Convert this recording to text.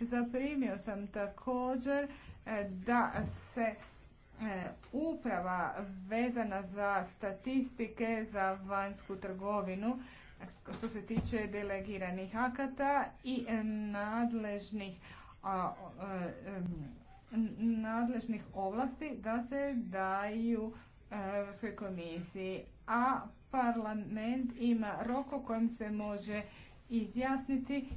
Zaprimio sam također e, da se e, uprava vezana za statistike za vanjsku trgovinu što se tiče delegiranih akata i nadležnih e, nadležnih ovlasti da se daju Europskoj komisiji, a parlament ima rok u kojem se može izjasniti